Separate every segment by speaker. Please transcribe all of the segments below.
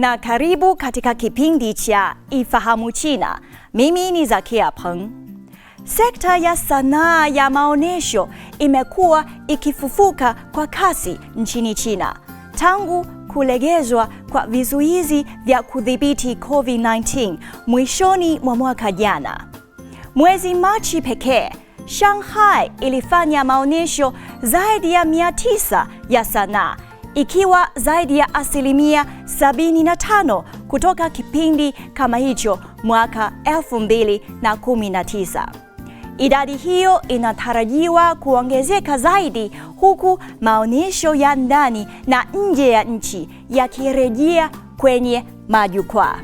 Speaker 1: na karibu katika kipindi cha Ifahamu China. Mimi ni Zakia Peng. Sekta ya sanaa ya maonyesho imekuwa ikifufuka kwa kasi nchini China tangu kulegezwa kwa vizuizi vya kudhibiti COVID-19 mwishoni mwa mwaka jana. Mwezi Machi pekee, Shanghai ilifanya maonyesho zaidi ya 900 ya sanaa ikiwa zaidi ya asilimia 75 kutoka kipindi kama hicho mwaka 2019. Idadi hiyo inatarajiwa kuongezeka zaidi huku maonyesho ya ndani na nje ya nchi yakirejea kwenye majukwaa.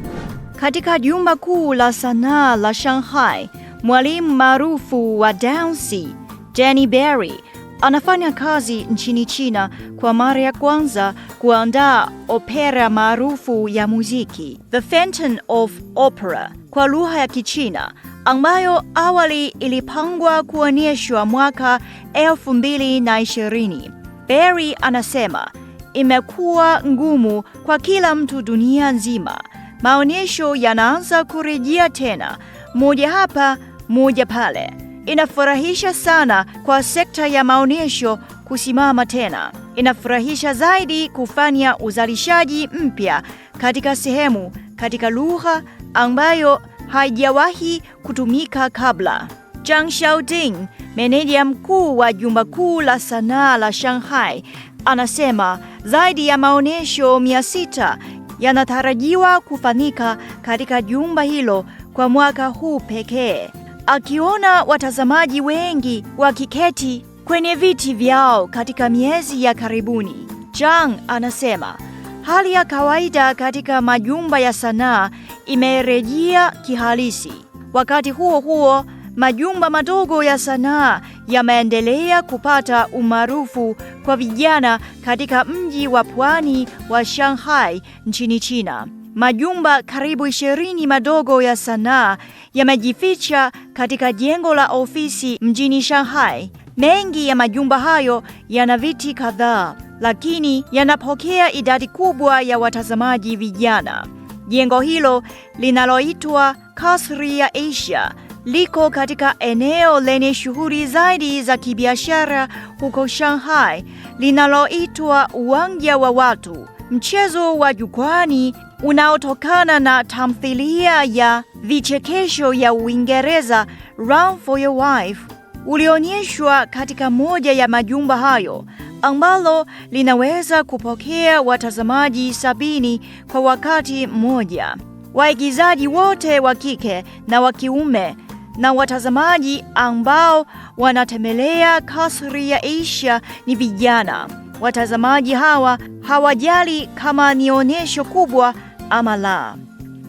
Speaker 2: Katika jumba kuu la sanaa la Shanghai, mwalimu maarufu wa dansi Jenny Berry anafanya kazi nchini China kwa mara ya kwanza kuandaa opera maarufu ya muziki The Phantom of Opera kwa lugha ya Kichina ambayo awali ilipangwa kuonyeshwa mwaka 2020. Barry anasema imekuwa ngumu kwa kila mtu dunia nzima. Maonyesho yanaanza kurejea tena, moja hapa, moja pale. Inafurahisha sana kwa sekta ya maonyesho kusimama tena. Inafurahisha zaidi kufanya uzalishaji mpya katika sehemu katika lugha ambayo haijawahi kutumika kabla. Zhang Xiaoding, meneja mkuu wa jumba kuu la sanaa la Shanghai, anasema zaidi ya maonyesho mia sita yanatarajiwa kufanyika katika jumba hilo kwa mwaka huu pekee akiona watazamaji wengi wakiketi kwenye viti vyao katika miezi ya karibuni. Chang anasema hali ya kawaida katika majumba ya sanaa imerejea kihalisi. Wakati huo huo, majumba madogo ya sanaa yameendelea kupata umaarufu kwa vijana katika mji wa pwani wa Shanghai nchini China. Majumba karibu ishirini madogo ya sanaa yamejificha katika jengo la ofisi mjini Shanghai. Mengi ya majumba hayo yana viti kadhaa, lakini yanapokea idadi kubwa ya watazamaji vijana. Jengo hilo linaloitwa Kasri ya Asia liko katika eneo lenye shughuli zaidi za kibiashara huko Shanghai linaloitwa Uwanja wa Watu mchezo wa jukwani unaotokana na tamthilia ya vichekesho ya Uingereza Run for Your Wife ulionyeshwa katika moja ya majumba hayo ambalo linaweza kupokea watazamaji sabini kwa wakati mmoja. Waigizaji wote wa kike na wa kiume na watazamaji ambao wanatembelea kasri ya Asia ni vijana. Watazamaji hawa hawajali kama ni onyesho kubwa ama la.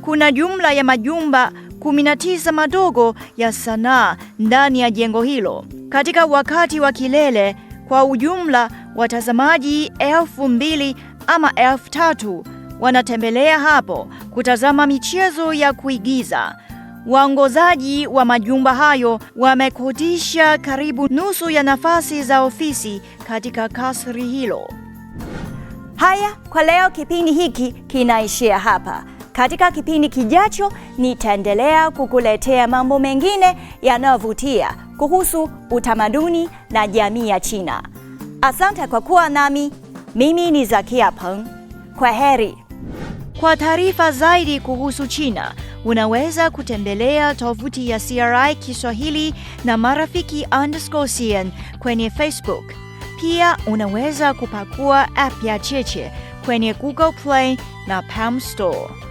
Speaker 2: Kuna jumla ya majumba 19 madogo ya sanaa ndani ya jengo hilo. Katika wakati wa kilele, kwa ujumla watazamaji elfu mbili ama elfu tatu wanatembelea hapo kutazama michezo ya kuigiza. Waongozaji wa majumba hayo wamekodisha karibu nusu ya nafasi za ofisi katika kasri hilo.
Speaker 1: Haya, kwa leo kipindi hiki kinaishia hapa. Katika kipindi kijacho nitaendelea kukuletea mambo mengine yanayovutia kuhusu utamaduni na jamii ya China. Asante kwa kuwa nami. Mimi ni Zakia Peng. Kwa heri.
Speaker 3: Kwa taarifa zaidi kuhusu China Unaweza kutembelea tovuti ya CRI Kiswahili na marafiki underscore CN kwenye Facebook. Pia unaweza kupakua app ya Cheche kwenye Google Play na Palm Store.